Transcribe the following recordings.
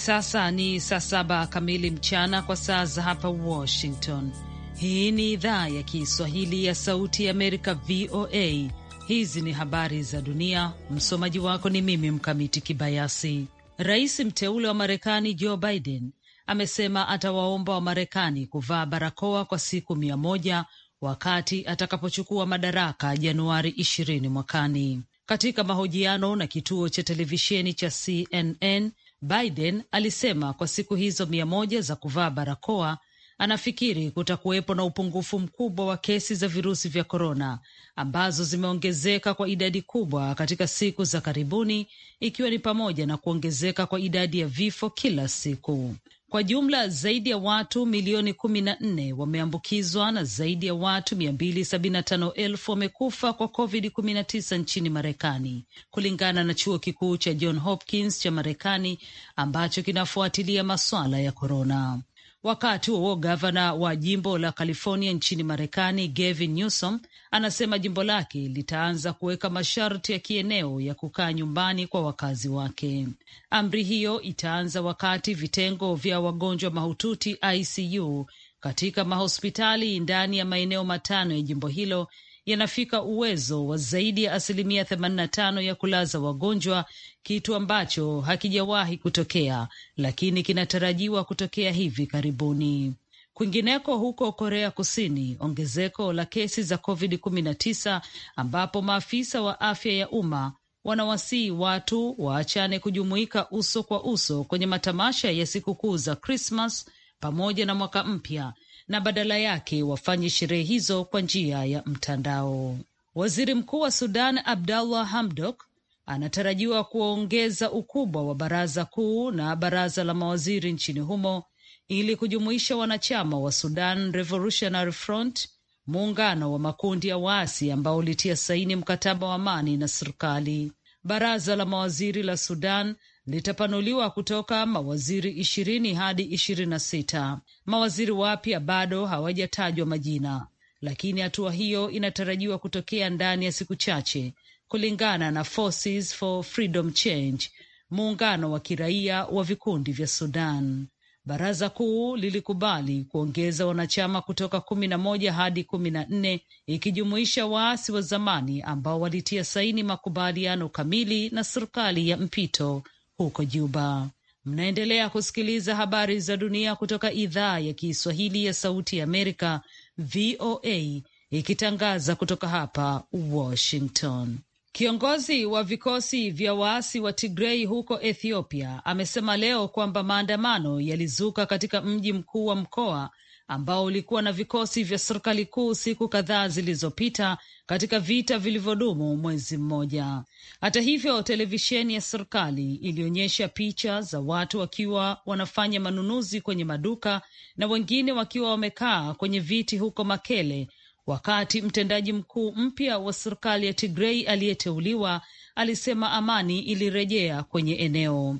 sasa ni saa saba kamili mchana kwa saa za hapa Washington. Hii ni idhaa ya Kiswahili ya Sauti ya Amerika, VOA. Hizi ni habari za dunia. Msomaji wako ni mimi Mkamiti Kibayasi. Rais mteule wa Marekani Joe Biden amesema atawaomba Wamarekani kuvaa barakoa kwa siku mia moja wakati atakapochukua madaraka Januari ishirini mwakani. Katika mahojiano na kituo cha televisheni cha CNN Biden alisema kwa siku hizo mia moja za kuvaa barakoa anafikiri kutakuwepo na upungufu mkubwa wa kesi za virusi vya korona ambazo zimeongezeka kwa idadi kubwa katika siku za karibuni, ikiwa ni pamoja na kuongezeka kwa idadi ya vifo kila siku. Kwa jumla zaidi ya watu milioni kumi na nne wameambukizwa na zaidi ya watu mia mbili sabini na tano elfu wamekufa kwa COVID 19 nchini Marekani, kulingana na chuo kikuu cha John Hopkins cha Marekani ambacho kinafuatilia masuala ya korona. Wakati huo gavana wa jimbo la California nchini Marekani, Gavin Newsom, anasema jimbo lake litaanza kuweka masharti ya kieneo ya kukaa nyumbani kwa wakazi wake. Amri hiyo itaanza wakati vitengo vya wagonjwa mahututi ICU katika mahospitali ndani ya maeneo matano ya jimbo hilo yanafika uwezo wa zaidi ya asilimia 85 ya kulaza wagonjwa, kitu ambacho hakijawahi kutokea, lakini kinatarajiwa kutokea hivi karibuni. Kwingineko huko Korea Kusini, ongezeko la kesi za COVID-19 ambapo maafisa wa afya ya umma wanawasii watu waachane kujumuika uso kwa uso kwenye matamasha ya sikukuu za Krismas pamoja na mwaka mpya na badala yake wafanye sherehe hizo kwa njia ya mtandao. Waziri Mkuu wa Sudan Abdallah Hamdok anatarajiwa kuongeza ukubwa wa baraza kuu na baraza la mawaziri nchini humo ili kujumuisha wanachama wa Sudan Revolutionary Front, muungano wa makundi ya waasi ambao ulitia saini mkataba wa amani na serikali. Baraza la mawaziri la Sudan litapanuliwa kutoka mawaziri ishirini hadi ishirini na sita. Mawaziri wapya bado hawajatajwa majina, lakini hatua hiyo inatarajiwa kutokea ndani ya siku chache, kulingana na Forces for Freedom Change, muungano wa kiraia wa vikundi vya Sudan. Baraza kuu lilikubali kuongeza wanachama kutoka kumi na moja hadi kumi na nne ikijumuisha waasi wa zamani ambao walitia saini makubaliano kamili na serikali ya mpito huko Juba. Mnaendelea kusikiliza habari za dunia kutoka idhaa ya Kiswahili ya Sauti ya Amerika, VOA, ikitangaza kutoka hapa Washington. Kiongozi wa vikosi vya waasi wa Tigrei huko Ethiopia amesema leo kwamba maandamano yalizuka katika mji mkuu wa mkoa ambao ulikuwa na vikosi vya serikali kuu siku kadhaa zilizopita katika vita vilivyodumu mwezi mmoja. Hata hivyo, televisheni ya serikali ilionyesha picha za watu wakiwa wanafanya manunuzi kwenye maduka na wengine wakiwa wamekaa kwenye viti huko Makele, wakati mtendaji mkuu mpya wa serikali ya Tigrei aliyeteuliwa alisema amani ilirejea kwenye eneo.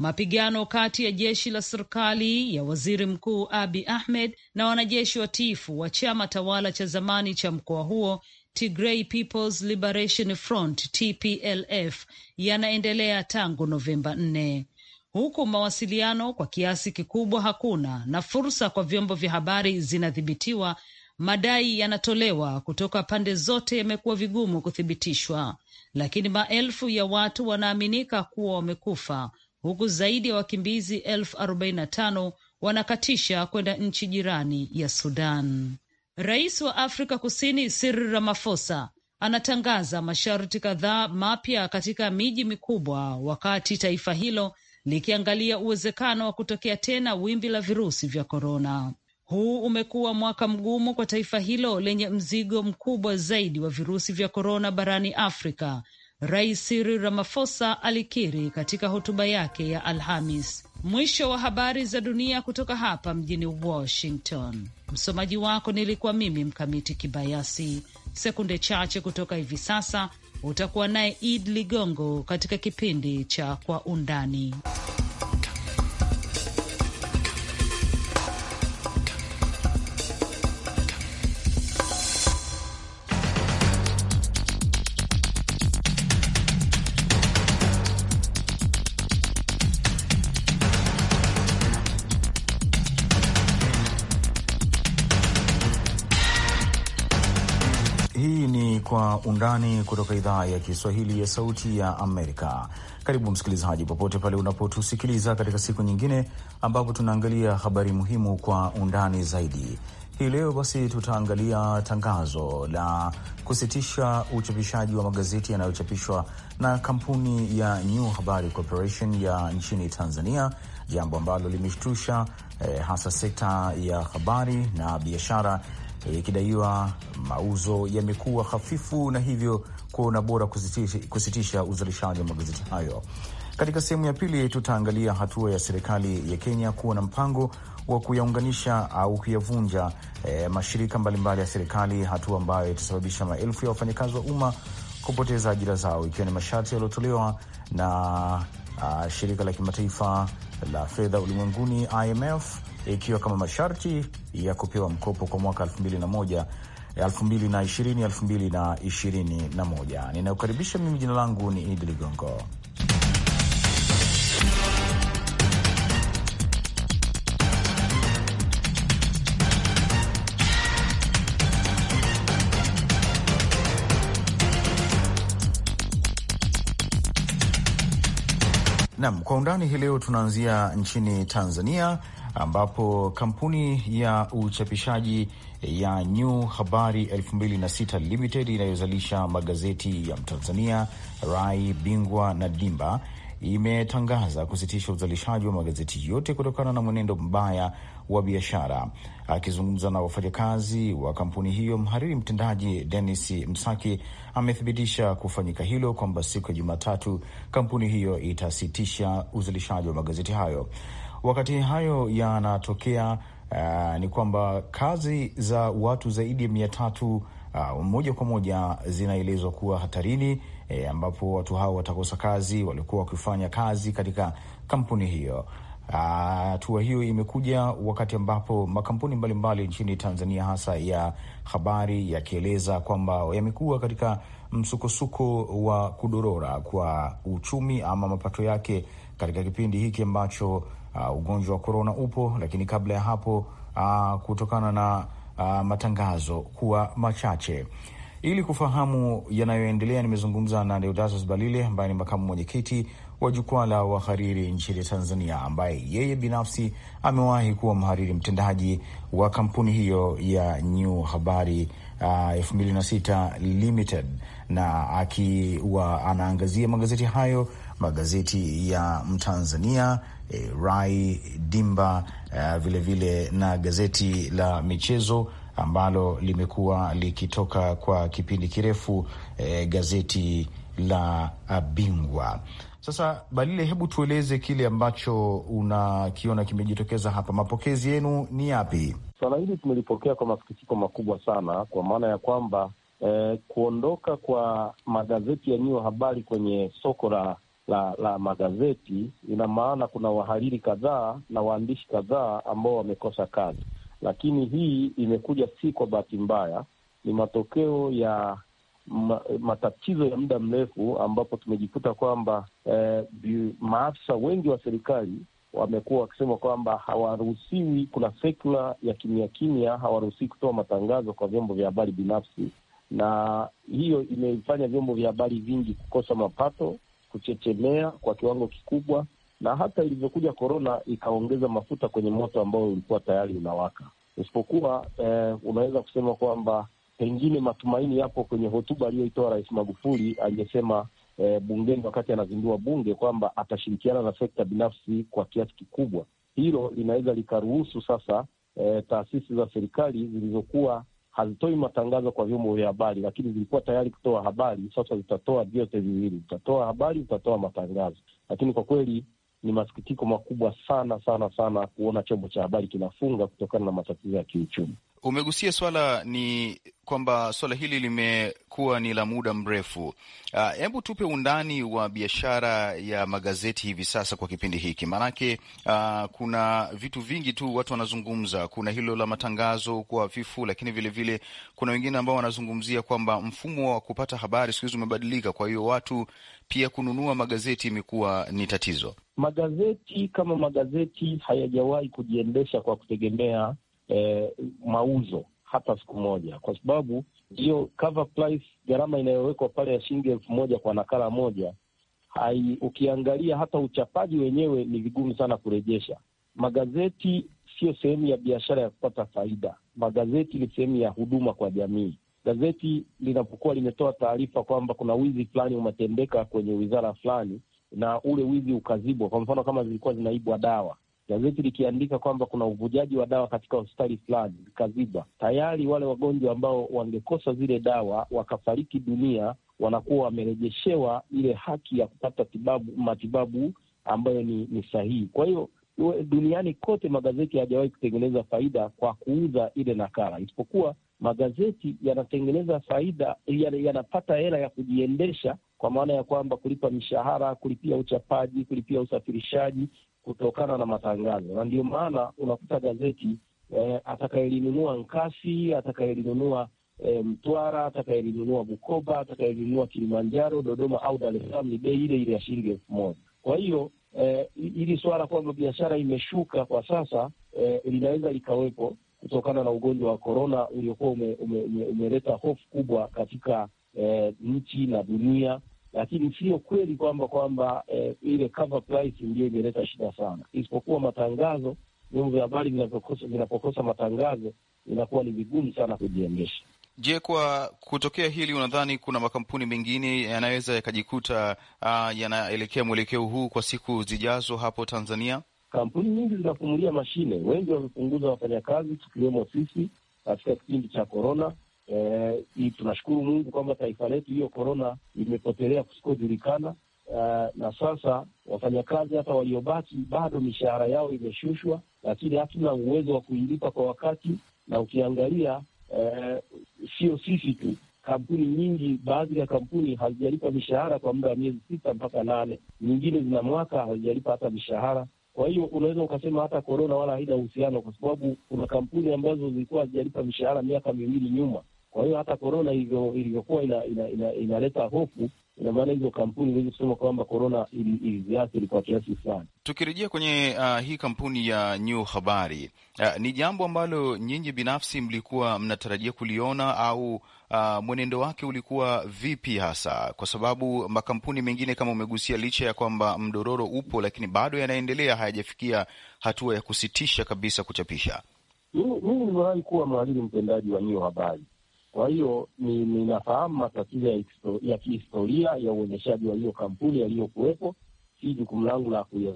Mapigano kati ya jeshi la serikali ya waziri mkuu Abi Ahmed na wanajeshi watiifu wa chama tawala cha zamani cha mkoa huo Tigray People's Liberation Front TPLF yanaendelea tangu Novemba nne, huku mawasiliano kwa kiasi kikubwa hakuna na fursa kwa vyombo vya habari zinadhibitiwa. Madai yanatolewa kutoka pande zote yamekuwa vigumu kuthibitishwa, lakini maelfu ya watu wanaaminika kuwa wamekufa huku zaidi ya wakimbizi elfu arobaini na tano wanakatisha kwenda nchi jirani ya Sudan. Rais wa Afrika Kusini Cyril Ramaphosa anatangaza masharti kadhaa mapya katika miji mikubwa wakati taifa hilo likiangalia uwezekano wa kutokea tena wimbi la virusi vya korona. Huu umekuwa mwaka mgumu kwa taifa hilo lenye mzigo mkubwa zaidi wa virusi vya korona barani Afrika Rais Cyril Ramaphosa alikiri katika hotuba yake ya Alhamis. Mwisho wa habari za dunia kutoka hapa mjini Washington. Msomaji wako nilikuwa mimi Mkamiti Kibayasi. Sekunde chache kutoka hivi sasa utakuwa naye Id Ligongo katika kipindi cha Kwa Undani. undani kutoka idhaa ya Kiswahili ya Sauti ya Amerika. Karibu msikilizaji, popote pale unapotusikiliza katika siku nyingine ambapo tunaangalia habari muhimu kwa undani zaidi. Hii leo basi tutaangalia tangazo la kusitisha uchapishaji wa magazeti yanayochapishwa na kampuni ya New Habari Corporation ya nchini Tanzania, jambo ambalo limeshtusha eh, hasa sekta ya habari na biashara ikidaiwa mauzo yamekuwa hafifu na hivyo kuona bora kusitisha, kusitisha uzalishaji wa magazeti hayo. Katika sehemu ya pili tutaangalia hatua ya serikali ya Kenya kuwa na mpango wa kuyaunganisha au kuyavunja e, mashirika mbalimbali ya serikali, hatua ambayo itasababisha maelfu ya wafanyakazi wa umma kupoteza ajira zao, ikiwa ni masharti yaliyotolewa na a, ah, shirika la kimataifa la fedha ulimwenguni IMF ikiwa kama masharti ya kupewa mkopo kwa mwaka 2021 2020 Ninayokaribisha mimi, jina langu ni Idi Ligongo. Nam, kwa undani hii leo tunaanzia nchini Tanzania ambapo kampuni ya uchapishaji ya New Habari 2006 Limited inayozalisha magazeti ya Mtanzania, Rai, Bingwa na Dimba imetangaza kusitisha uzalishaji wa magazeti yote kutokana na mwenendo mbaya wa biashara. Akizungumza na wafanyakazi wa kampuni hiyo, mhariri mtendaji denis Msaki amethibitisha kufanyika hilo kwamba siku ya Jumatatu kampuni hiyo itasitisha uzalishaji wa magazeti hayo. Wakati hayo yanatokea, uh, ni kwamba kazi za watu zaidi ya mia tatu uh, moja kwa moja zinaelezwa kuwa hatarini, e, ambapo watu hao watakosa kazi walikuwa wakifanya kazi katika kampuni hiyo. Ah, hatua uh, hiyo imekuja wakati ambapo makampuni mbalimbali mbali nchini Tanzania hasa ya habari yakieleza kwamba yamekuwa katika msukosuko wa kudorora kwa uchumi ama mapato yake katika kipindi hiki ambacho uh, ugonjwa wa korona upo, lakini kabla ya hapo uh, kutokana na uh, matangazo kuwa machache ili kufahamu yanayoendelea, nimezungumza na Deodatus Balile ambaye ni makamu mwenyekiti wa jukwaa la wahariri nchini Tanzania, ambaye yeye binafsi amewahi kuwa mhariri mtendaji wa kampuni hiyo ya New Habari elfu mbili na sita Limited, na akiwa anaangazia magazeti hayo, magazeti ya Mtanzania e, Rai Dimba vilevile vile na gazeti la michezo ambalo limekuwa likitoka kwa kipindi kirefu e, gazeti la Bingwa. Sasa Balile, hebu tueleze kile ambacho unakiona kimejitokeza hapa, mapokezi yenu ni yapi? Swala hili tumelipokea kwa masikitiko makubwa sana, kwa maana ya kwamba eh, kuondoka kwa magazeti ya nyuo habari kwenye soko la la, la magazeti, ina maana kuna wahariri kadhaa na waandishi kadhaa ambao wamekosa kazi, lakini hii imekuja si kwa bahati mbaya, ni matokeo ya ma, matatizo ya muda mrefu ambapo tumejikuta kwamba eh, maafisa wengi wa serikali wamekuwa wakisema kwamba hawaruhusiwi, kuna sekula ya kimya kimya, hawaruhusiwi kutoa matangazo kwa vyombo vya habari binafsi, na hiyo imefanya vyombo vya habari vingi kukosa mapato kuchechemea kwa kiwango kikubwa, na hata ilivyokuja korona ikaongeza mafuta kwenye moto ambao ulikuwa tayari unawaka. Isipokuwa eh, unaweza kusema kwamba pengine matumaini yapo kwenye hotuba aliyoitoa Rais Magufuli aliyesema eh, bungeni wakati anazindua bunge kwamba atashirikiana na sekta binafsi kwa kiasi kikubwa. Hilo linaweza likaruhusu sasa eh, taasisi za serikali zilizokuwa hazitoi matangazo kwa vyombo vya habari, lakini zilikuwa tayari kutoa habari. Sasa zitatoa vyote viwili, zitatoa habari, zitatoa matangazo. Lakini kwa kweli ni masikitiko makubwa sana sana sana kuona chombo cha habari kinafunga kutokana na matatizo ya kiuchumi. Umegusia swala ni kwamba swala hili limekuwa ni la muda mrefu. Ah, hebu uh, tupe undani wa biashara ya magazeti hivi sasa kwa kipindi hiki, maanake uh, kuna vitu vingi tu watu wanazungumza. Kuna hilo la matangazo kuwa hafifu, lakini vilevile vile, kuna wengine ambao wanazungumzia kwamba mfumo wa kupata habari siku hizi umebadilika, kwa hiyo watu pia kununua magazeti imekuwa ni tatizo. Magazeti kama magazeti hayajawahi kujiendesha kwa kutegemea eh, mauzo hata siku moja, kwa sababu hiyo cover price, gharama inayowekwa pale ya shilingi elfu moja kwa nakala moja hai, ukiangalia hata uchapaji wenyewe ni vigumu sana kurejesha. Magazeti sio sehemu ya biashara ya kupata faida. Magazeti ni sehemu ya huduma kwa jamii. Gazeti linapokuwa limetoa taarifa kwamba kuna wizi fulani umetendeka kwenye wizara fulani, na ule wizi ukazibwa, kwa mfano kama zilikuwa zinaibwa dawa gazeti likiandika kwamba kuna uvujaji wa dawa katika hospitali fulani ikaziba, tayari wale wagonjwa ambao wangekosa zile dawa wakafariki dunia wanakuwa wamerejeshewa ile haki ya kupata tibabu, matibabu ambayo ni, ni sahihi. Kwa hiyo duniani kote magazeti hayajawahi kutengeneza faida kwa kuuza ile nakala, isipokuwa magazeti yanatengeneza faida, yanapata hela ya kujiendesha kwa maana ya kwamba kulipa mishahara, kulipia uchapaji, kulipia usafirishaji kutokana na matangazo, na ndio maana unakuta gazeti eh, atakayelinunua Nkasi, atakayelinunua eh, Mtwara, atakayelinunua Bukoba, atakayelinunua Kilimanjaro, Dodoma au Dar es Salaam ni bei ile ile ya shilingi elfu moja. Kwa hiyo eh, ili suala kwamba biashara imeshuka kwa sasa eh, linaweza likawepo kutokana na ugonjwa wa korona uliokuwa umeleta ume, ume, ume hofu kubwa katika eh, nchi na dunia lakini sio kweli kwamba kwamba eh, ile cover price ndio imeleta shida sana, isipokuwa matangazo. Vyombo vya habari vinapokosa matangazo inakuwa ni vigumu sana kujiendesha. Je, kwa kutokea hili unadhani kuna makampuni mengine yanaweza yakajikuta uh, yanaelekea mwelekeo huu kwa siku zijazo hapo Tanzania? Kampuni nyingi zinafumulia mashine, wengi wamepunguza wafanyakazi, tukiwemo sisi katika kipindi cha korona eh, tunashukuru Mungu kwamba taifa letu hiyo korona imepotelea kusikojulikana. Uh, na sasa wafanyakazi hata waliobaki bado mishahara yao imeshushwa, lakini hatuna uwezo wa kuilipa kwa wakati. Na ukiangalia eh, sio sisi tu, kampuni nyingi, baadhi ya kampuni hazijalipa mishahara kwa muda wa miezi sita mpaka nane, nyingine zina mwaka hazijalipa hata mishahara. Kwa hiyo unaweza ukasema hata korona wala haina uhusiano, kwa sababu kuna kampuni ambazo zilikuwa hazijalipa mishahara miaka miwili nyuma kwa hiyo hata korona ilivyokuwa inaleta ina, ina, ina hofu ina maana hizo kampuni huwezi kusema kwamba korona iliziathiri kwa kiasi fulani. Tukirejea kwenye uh, hii kampuni ya New Habari uh, ni jambo ambalo nyinyi binafsi mlikuwa mnatarajia kuliona au uh, mwenendo wake ulikuwa vipi hasa? Kwa sababu makampuni mengine kama umegusia, licha ya kwamba mdororo upo, lakini bado yanaendelea, hayajafikia hatua ya kusitisha kabisa kuchapisha. Mimi nimewahi kuwa mhariri mtendaji wa New Habari kwa hiyo ninafahamu ni matatizo ya kihistoria ya uendeshaji wa hiyo kampuni yaliyokuwepo, si jukumu langu la kuya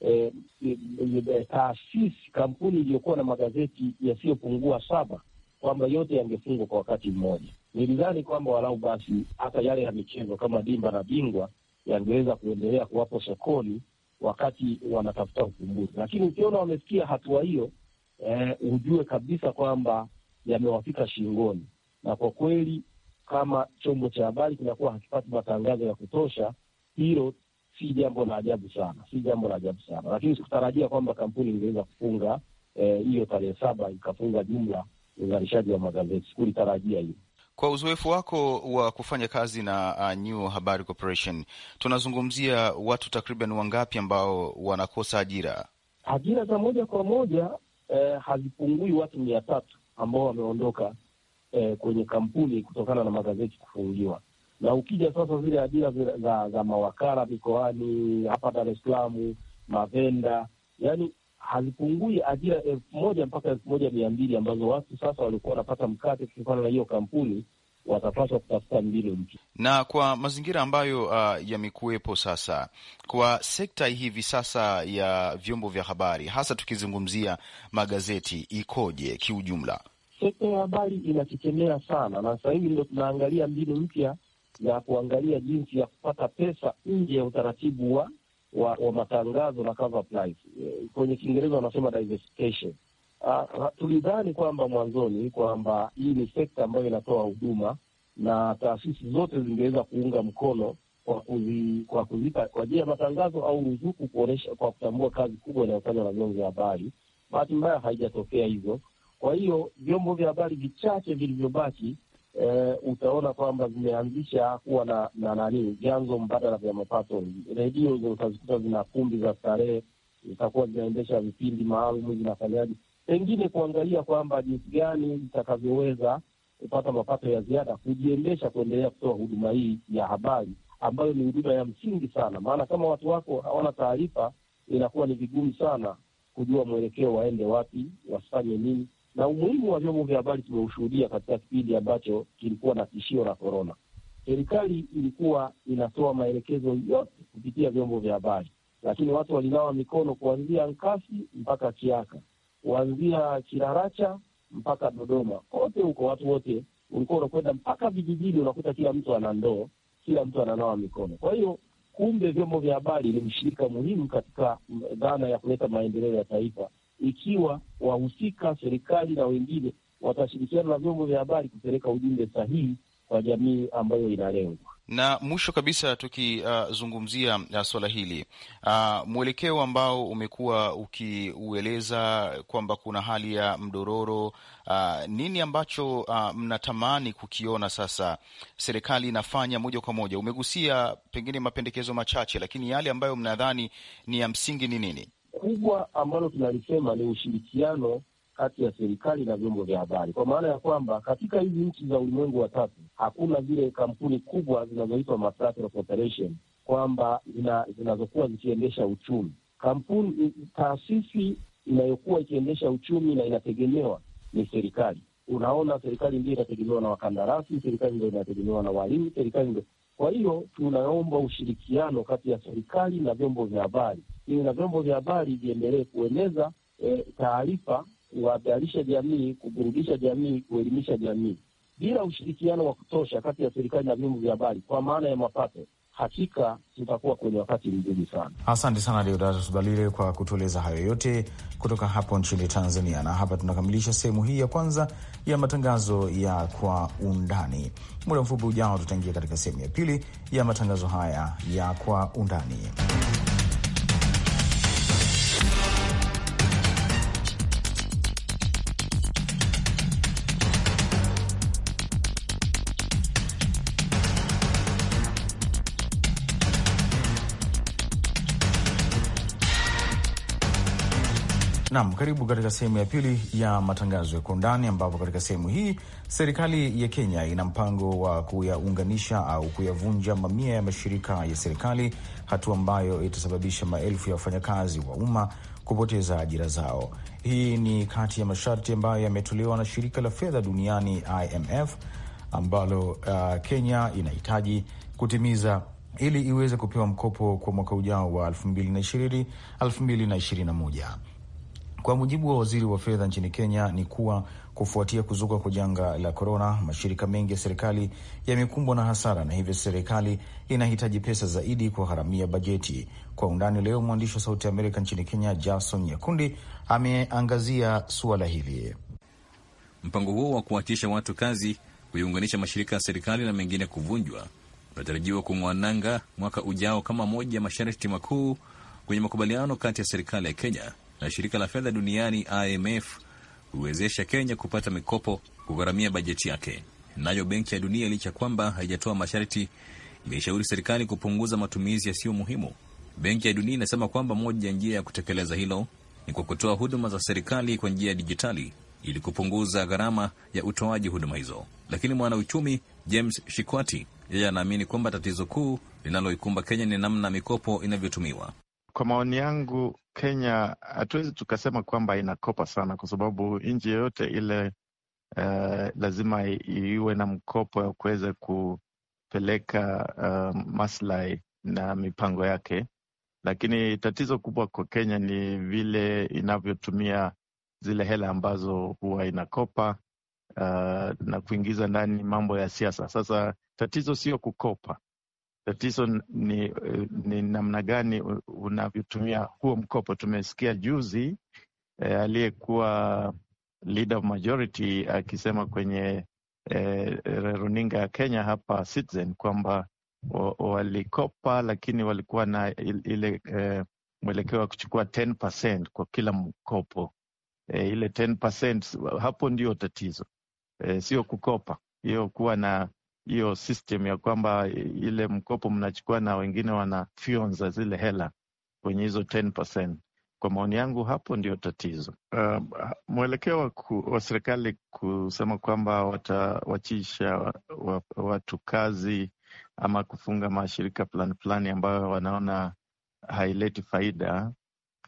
e, e, taasisi kampuni iliyokuwa na magazeti yasiyopungua saba kwamba yote yangefungwa kwa wakati mmoja. Nilidhani kwamba walau basi hata yale ya michezo kama Dimba na Bingwa yangeweza kuendelea kuwapo sokoni wakati wanatafuta ufumbuzi, lakini ukiona wamefikia hatua hiyo e, ujue kabisa kwamba yamewafika shingoni na kwa kweli kama chombo cha habari kinakuwa hakipati matangazo ya kutosha, hilo si jambo la ajabu sana, si jambo la ajabu sana, lakini sikutarajia kwamba kampuni ingeweza kufunga eh, hiyo eh, tarehe saba ikafunga jumla uzalishaji wa magazeti, sikulitarajia hiyo. Kwa uzoefu wako wa kufanya kazi na uh, New Habari Corporation, tunazungumzia watu takriban wangapi ambao wanakosa ajira? Ajira za moja kwa moja eh, hazipungui watu mia tatu ambao wameondoka eh, kwenye kampuni kutokana na magazeti kufungiwa. Na ukija sasa zile ajira za, za mawakala mikoani hapa Dar es Salaam, mavenda, yani hazipungui ajira elfu moja mpaka elfu moja mia mbili ambazo watu sasa walikuwa wanapata mkate kutokana na hiyo kampuni watapaswa kutafuta mbinu mpya na kwa mazingira ambayo uh, yamekuwepo sasa kwa sekta hivi sasa ya vyombo vya habari, hasa tukizungumzia magazeti, ikoje kiujumla? sekta ya habari inakikemea sana, na sasa hivi ndo tunaangalia mbinu mpya ya kuangalia jinsi ya kupata pesa nje ya utaratibu wa, wa, wa matangazo na cover price. E, kwenye Kiingereza wanasema diversification. Tulidhani kwamba mwanzoni kwamba hii ni sekta ambayo inatoa huduma na taasisi zote zingeweza kuunga mkono kwa kuzi, kwa kuzipa kwa ajili ya matangazo au ruzuku kuonesha kwa kutambua kazi kubwa inayofanywa na vyombo vya habari. Bahati mbaya haijatokea hivyo, kwa hiyo vyombo vya habari vichache vilivyobaki E, utaona kwamba vimeanzisha kuwa na na nani vyanzo mbadala vya mapato. Redio utazikuta zina kumbi za starehe, zitakuwa zinaendesha vipindi maalum, zinafanyaje, pengine kuangalia kwamba jinsi gani zitakavyoweza kupata mapato ya ziada, kujiendesha, kuendelea kutoa huduma hii ya habari ambayo ni huduma ya msingi sana, maana kama watu wako hawana taarifa, inakuwa ni vigumu sana kujua mwelekeo, waende wapi, wasifanye nini na umuhimu wa vyombo vya habari tumeushuhudia katika kipindi ambacho kilikuwa na tishio la korona. Serikali ilikuwa inatoa maelekezo yote kupitia vyombo vya habari, lakini watu walinawa mikono kuanzia Nkasi mpaka Kiaka, kuanzia kiraracha mpaka Dodoma, kote huko watu wote ulikuwa unakwenda mpaka vijijini, unakuta kila mtu ana ndoo, kila mtu ananawa mikono. Kwa hiyo kumbe vyombo vya habari ni mshirika muhimu katika dhana ya kuleta maendeleo ya taifa ikiwa wahusika, serikali na wengine watashirikiana na vyombo vya habari kupeleka ujumbe sahihi kwa jamii ambayo inalengwa. Na mwisho kabisa tukizungumzia uh, uh, swala hili uh, mwelekeo ambao umekuwa ukiueleza kwamba kuna hali ya mdororo uh, nini ambacho uh, mnatamani kukiona sasa serikali inafanya moja kwa moja? Umegusia pengine mapendekezo machache, lakini yale ambayo mnadhani ni ya msingi ni nini? kubwa ambalo tunalisema ni ushirikiano kati ya serikali na vyombo vya habari, kwa maana ya kwamba katika hizi nchi za ulimwengu wa tatu hakuna zile kampuni kubwa zinazoitwa corporation kwamba zinazokuwa zikiendesha uchumi. Kampuni, taasisi inayokuwa ikiendesha uchumi na inategemewa ni serikali. Unaona, serikali ndio inategemewa na wakandarasi, serikali ndio inategemewa na walimu, serikali ndio. Kwa hiyo tunaomba ushirikiano kati ya serikali na vyombo vya habari, ili na vyombo vya habari viendelee kueneza e, taarifa, kuhabarisha jamii, kuburudisha jamii, kuelimisha jamii. Bila ushirikiano wa kutosha kati ya serikali na vyombo vya habari, kwa maana ya mapato, hakika zitakuwa kwenye wakati mgumu sana. Asante sana Deodatus Balile kwa kutueleza hayo yote kutoka hapo nchini Tanzania. Na hapa tunakamilisha sehemu hii ya kwanza ya matangazo ya Kwa Undani. Muda mfupi ujao, tutaingia katika sehemu ya pili ya matangazo haya ya Kwa Undani. Nam, karibu katika sehemu ya pili ya matangazo ya kwa undani, ambapo katika sehemu hii serikali ya Kenya ina mpango wa kuyaunganisha au kuyavunja mamia ya mashirika ya serikali, hatua ambayo itasababisha maelfu ya wafanyakazi wa umma kupoteza ajira zao. Hii ni kati ya masharti ambayo yametolewa na shirika la fedha duniani IMF ambalo uh, Kenya inahitaji kutimiza ili iweze kupewa mkopo kwa mwaka ujao wa 2020 2021. Kwa mujibu wa waziri wa fedha nchini Kenya ni kuwa kufuatia kuzuka kwa janga la korona, mashirika mengi ya serikali yamekumbwa na hasara na hivyo serikali inahitaji pesa zaidi kugharamia bajeti. Kwa undani leo, mwandishi wa Sauti ya Amerika nchini Kenya Jason Nyakundi ameangazia suala hili. Mpango huo wa kuwatisha watu kazi, kuiunganisha mashirika ya serikali na mengine kuvunjwa, unatarajiwa nanga mwaka ujao kama moja ya masharti makuu kwenye makubaliano kati ya serikali ya Kenya na shirika la fedha duniani IMF huwezesha Kenya kupata mikopo kugharamia bajeti yake. Nayo Benki ya Dunia, licha kwamba haijatoa masharti, imeshauri serikali kupunguza matumizi yasiyo muhimu. Benki ya Dunia inasema kwamba moja ya njia ya kutekeleza hilo ni kwa kutoa huduma za serikali kwa njia ya dijitali ili kupunguza gharama ya utoaji huduma hizo. Lakini mwanauchumi James Shikwati yeye anaamini kwamba tatizo kuu linaloikumba Kenya ni namna mikopo inavyotumiwa. Kwa maoni yangu, Kenya hatuwezi tukasema kwamba inakopa sana, kwa sababu nchi yoyote ile uh, lazima iwe na mkopo ya kuweza kupeleka uh, maslahi na mipango yake, lakini tatizo kubwa kwa Kenya ni vile inavyotumia zile hela ambazo huwa inakopa uh, na kuingiza ndani mambo ya siasa. Sasa tatizo sio kukopa, Tatizo ni, ni namna gani unavyotumia huo mkopo. Tumesikia juzi eh, aliyekuwa leader of majority akisema kwenye eh, runinga ya Kenya hapa Citizen kwamba walikopa lakini walikuwa na ile eh, mwelekeo wa kuchukua 10% kwa kila mkopo eh, ile 10% hapo ndio tatizo eh, sio kukopa hiyo, kuwa na hiyo system ya kwamba ile mkopo mnachukua na wengine wanafyonza zile hela kwenye hizo 10%. Kwa maoni yangu hapo ndio tatizo. Uh, mwelekeo wa serikali kusema kwamba watawachisha watu kazi ama kufunga mashirika fulani fulani ambayo wanaona haileti faida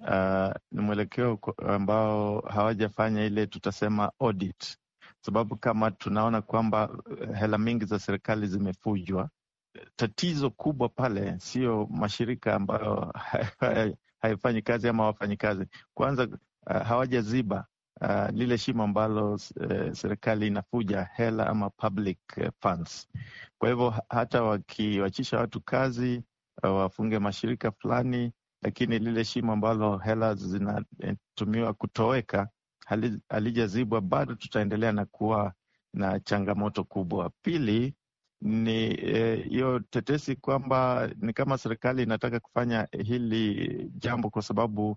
uh, ni mwelekeo ambao hawajafanya ile tutasema audit sababu kama tunaona kwamba eh, hela mingi za serikali zimefujwa. Tatizo kubwa pale sio mashirika ambayo haifanyi kazi ama wafanyi kazi. Kwanza uh, hawajaziba uh, lile shimo ambalo uh, serikali inafuja hela ama public funds. Kwa hivyo hata wakiwachisha watu kazi uh, wafunge mashirika fulani, lakini lile shimo ambalo hela zinatumiwa kutoweka halijazibwa bado tutaendelea na kuwa na changamoto kubwa. Pili ni e, hiyo eh, tetesi kwamba ni kama serikali inataka kufanya hili jambo kwa sababu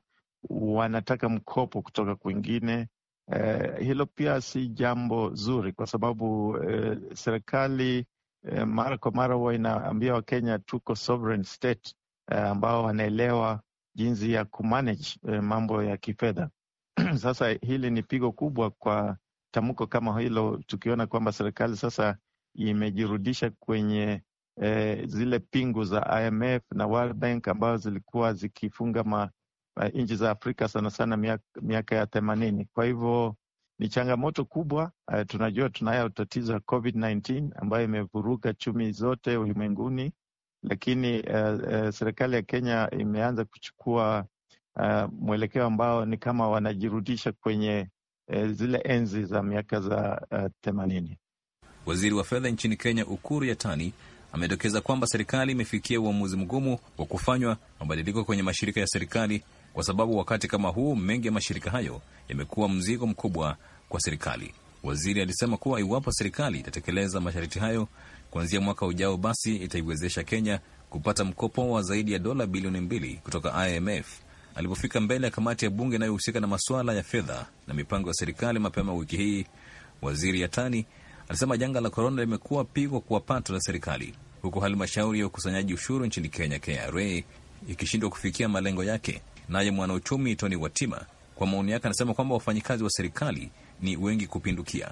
wanataka mkopo kutoka kwingine. Eh, hilo pia si jambo zuri kwa sababu eh, serikali eh, mara kwa mara huwa inaambia Wakenya tuko sovereign state eh, ambao wanaelewa jinsi ya kumanage eh, mambo ya kifedha. sasa hili ni pigo kubwa kwa tamko kama hilo, tukiona kwamba serikali sasa imejirudisha kwenye eh, zile pingu za IMF na World Bank ambazo zilikuwa zikifunga ma, uh, nchi za Afrika sana sana miaka, miaka ya themanini. Kwa hivyo ni changamoto kubwa. Uh, tunajua tunayo tatizo ya COVID-19 ambayo imevuruga chumi zote ulimwenguni, lakini uh, uh, serikali ya Kenya imeanza kuchukua uh, mwelekeo ambao ni kama wanajirudisha kwenye uh, zile enzi za miaka za uh, themanini. Waziri wa fedha nchini Kenya Ukuru Yatani amedokeza kwamba serikali imefikia uamuzi mgumu wa kufanywa mabadiliko kwenye mashirika ya serikali kwa sababu wakati kama huu mengi ya mashirika hayo yamekuwa mzigo mkubwa kwa serikali. Waziri alisema kuwa iwapo serikali itatekeleza masharti hayo kuanzia mwaka ujao, basi itaiwezesha Kenya kupata mkopo wa zaidi ya dola bilioni mbili kutoka IMF Alipofika mbele ya kamati ya bunge inayohusika na masuala ya fedha na mipango ya serikali mapema wiki hii, waziri Yatani alisema janga la korona limekuwa pigwa kwa pato la serikali, huku halmashauri ya ukusanyaji ushuru nchini Kenya, KRA, ikishindwa kufikia malengo yake. Naye mwanauchumi Tony Watima kwa maoni yake anasema kwamba wafanyikazi wa serikali ni wengi kupindukia.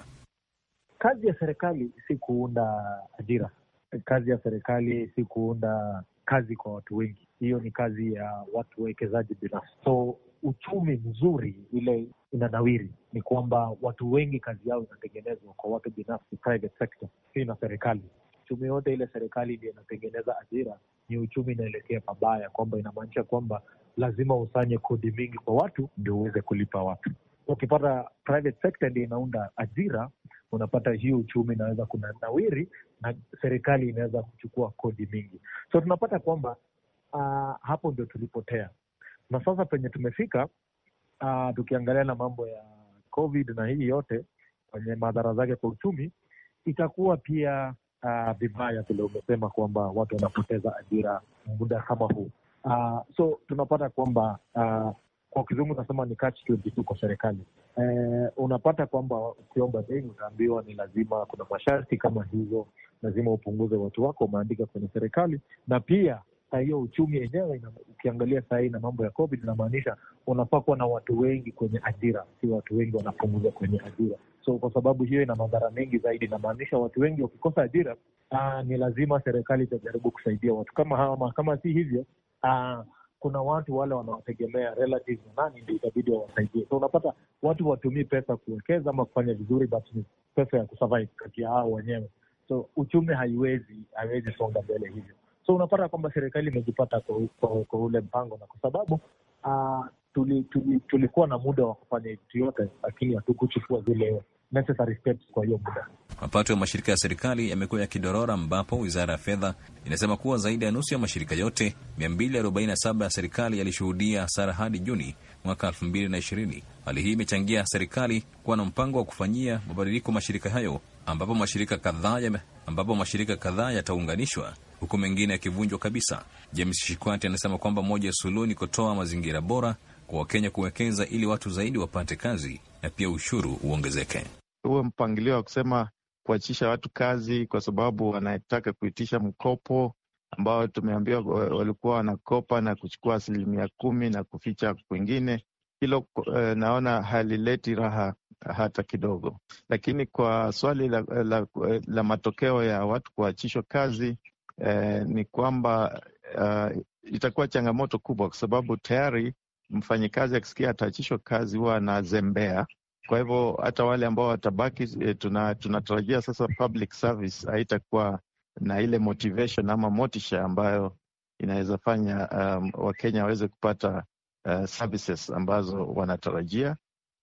Kazi ya serikali si kuunda ajira, kazi ya serikali si kuunda kazi kwa watu wengi hiyo ni kazi ya watu wawekezaji binafsi. So uchumi mzuri ile inanawiri ni kwamba watu wengi kazi yao inatengenezwa kwa watu binafsi, private sector, si na serikali. Uchumi yote ile serikali ndio inatengeneza ajira ni uchumi inaelekea pabaya, kwamba inamaanisha kwamba lazima usanye kodi mingi kwa watu ndio uweze kulipa watu. Ukipata private sector ndio inaunda ajira, unapata hii uchumi inaweza kunanawiri na serikali inaweza kuchukua kodi mingi, so tunapata kwamba uh, hapo ndio tulipotea, na sasa penye tumefika uh, tukiangalia na mambo ya COVID na hii yote kwenye madhara zake kwa uchumi, itakuwa pia ah, vibaya uh, vile umesema kwamba watu wanapoteza ajira muda kama huu uh, so tunapata kwamba uh, kwa kizungu nasema ni catch 22 kwa serikali. uh, unapata kwamba ukiomba deni utaambiwa ni lazima, kuna masharti kama hizo, lazima upunguze watu wako umeandika kwenye serikali, na pia hiyo uchumi yenyewe ukiangalia saa hii na mambo ya COVID inamaanisha unafaa kuwa na watu wengi kwenye ajira, si watu wengi wanapunguza kwenye ajira. So kwa sababu hiyo ina madhara mengi zaidi, inamaanisha watu wengi wakikosa ajira, aa, ah, ni lazima serikali itajaribu kusaidia watu kama hawa, ama kama si hivyo aa, ah, kuna watu wale wanawategemea relatives nani, ndio itabidi wawasaidie. So unapata watu watumii pesa kuwekeza ama kufanya vizuri, but ni pesa ya kusurvive kati ya hao wenyewe. So uchumi haiwezi haiwezi songa mbele hivyo. So unapata kwamba serikali imejipata kwa, kwa, kwa ule mpango, na kwa sababu uh, tuli, tuli, tulikuwa na muda wa kufanya vitu yote, lakini hatukuchukua zile necessary steps kwa hiyo muda. Mapato ya mashirika ya serikali yamekuwa yakidorora, ambapo wizara ya fedha inasema kuwa zaidi ya nusu ya mashirika yote 247 ya serikali yalishuhudia hasara hadi Juni mwaka 2020. Hali hii imechangia serikali kuwa na mpango wa kufanyia mabadiliko mashirika hayo, ambapo mashirika kadhaa ambapo mashirika kadhaa yataunganishwa huku mengine yakivunjwa kabisa. James Shikwati anasema kwamba moja ya suluhu ni kutoa mazingira bora kwa Wakenya kuwekeza ili watu zaidi wapate kazi na pia ushuru uongezeke. Huo mpangilio wa kusema kuachisha watu kazi kwa sababu wanataka kuitisha mkopo ambao tumeambiwa walikuwa wanakopa na kuchukua asilimia kumi na kuficha kwingine, hilo eh, naona halileti raha hata kidogo. Lakini kwa swali la, la, la matokeo ya watu kuachishwa kazi, eh, ni kwamba uh, itakuwa changamoto kubwa, kwa sababu tayari mfanyikazi akisikia ataachishwa kazi huwa anazembea. Kwa hivyo hata wale ambao watabaki, eh, tunatarajia tuna sasa public service haitakuwa na ile motivation ama motisha ambayo inaweza fanya um, Wakenya waweze kupata uh, services ambazo wanatarajia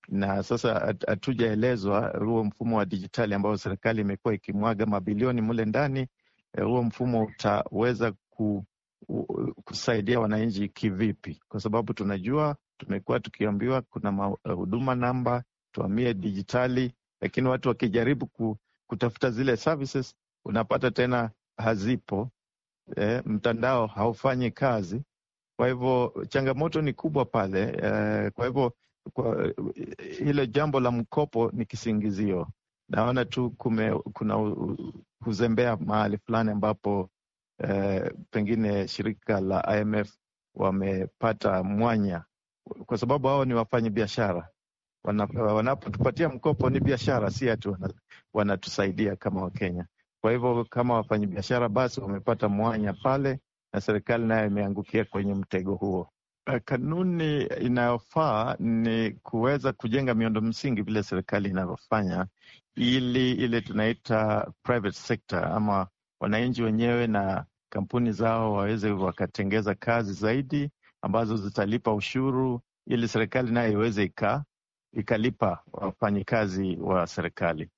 na sasa hatujaelezwa huo mfumo wa dijitali ambao serikali imekuwa ikimwaga mabilioni mule ndani Eh, huo mfumo utaweza ku, kusaidia wananchi kivipi? Kwa sababu tunajua tumekuwa tukiambiwa kuna eh, huduma namba tuhamie dijitali, lakini watu wakijaribu ku, kutafuta zile services unapata tena hazipo E, mtandao haufanyi kazi. Kwa hivyo changamoto ni kubwa pale E, kwa hivyo kwa, hilo jambo la mkopo ni kisingizio naona tu kume, kuna kuzembea mahali fulani ambapo eh, pengine shirika la IMF wamepata mwanya, kwa sababu hao ni wafanyi biashara wanapotupatia mkopo ni biashara, si ati wanatusaidia kama Wakenya. Kwa hivyo kama wafanyabiashara, basi wamepata mwanya pale, na serikali nayo imeangukia kwenye mtego huo. Eh, kanuni inayofaa ni kuweza kujenga miundo msingi vile serikali inavyofanya, ili ile tunaita private sector ama wananchi wenyewe na kampuni zao waweze wakatengeza kazi zaidi ambazo zitalipa ushuru ili serikali nayo iweze ika, ikalipa wafanyikazi wa serikali.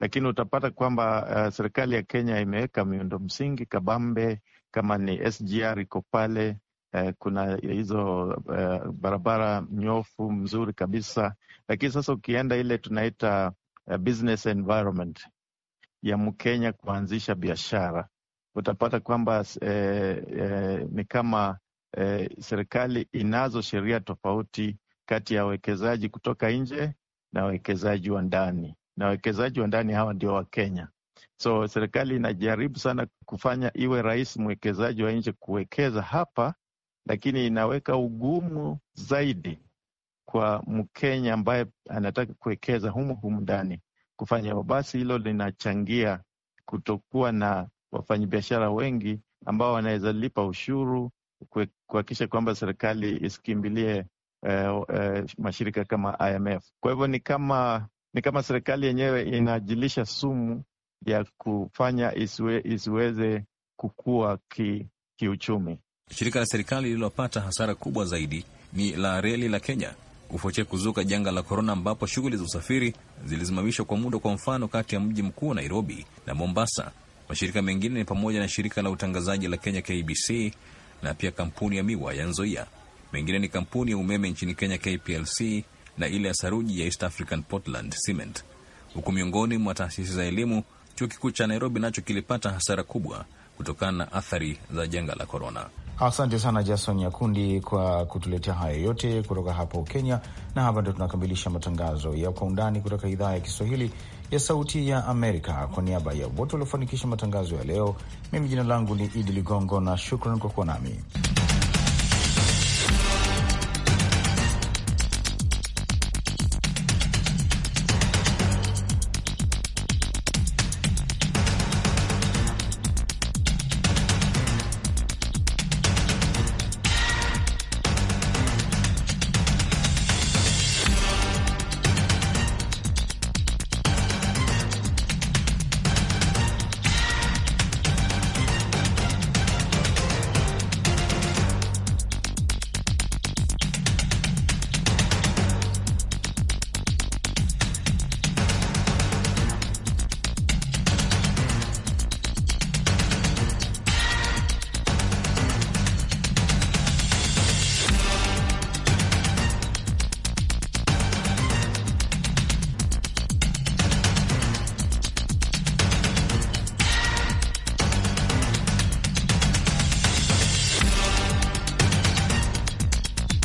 Lakini utapata kwamba uh, serikali ya Kenya imeweka miundo msingi kabambe, kama ni SGR iko pale uh, kuna hizo uh, barabara nyofu mzuri kabisa, lakini sasa ukienda ile tunaita business environment ya Mkenya kuanzisha biashara, utapata kwamba eh, eh, ni kama eh, serikali inazo sheria tofauti kati ya wawekezaji kutoka nje na wawekezaji wa ndani, na wawekezaji wa ndani hawa ndio Wakenya. So serikali inajaribu sana kufanya iwe rahisi mwekezaji wa nje kuwekeza hapa, lakini inaweka ugumu zaidi kwa Mkenya ambaye anataka kuwekeza humu humu ndani kufanya hivyo, basi hilo linachangia kutokuwa na wafanyabiashara wengi ambao wanaweza lipa ushuru kuhakikisha kwamba serikali isikimbilie eh, eh, mashirika kama IMF. Kwa hivyo ni kama ni kama serikali yenyewe inajilisha sumu ya kufanya isiwe, isiweze kukua ki, kiuchumi. Shirika la serikali lililopata hasara kubwa zaidi ni la reli la Kenya kufuatia kuzuka janga la korona, ambapo shughuli za usafiri zilisimamishwa kwa muda, kwa mfano kati ya mji mkuu wa Nairobi na Mombasa. Mashirika mengine ni pamoja na shirika la utangazaji la Kenya KBC na pia kampuni ya miwa ya Nzoia. Mengine ni kampuni ya umeme nchini Kenya KPLC na ile ya saruji ya East African Portland Cement. Huku miongoni mwa taasisi za elimu, chuo kikuu cha Nairobi nacho kilipata hasara kubwa kutokana na athari za janga la korona. Asante sana Jason Nyakundi kwa kutuletea hayo yote kutoka hapo Kenya, na hapa ndio tunakamilisha matangazo ya Kwa Undani kutoka idhaa ya Kiswahili ya Sauti ya Amerika. Kwa niaba ya wote waliofanikisha matangazo ya leo, mimi jina langu ni Idi Ligongo na shukran kwa kuwa nami.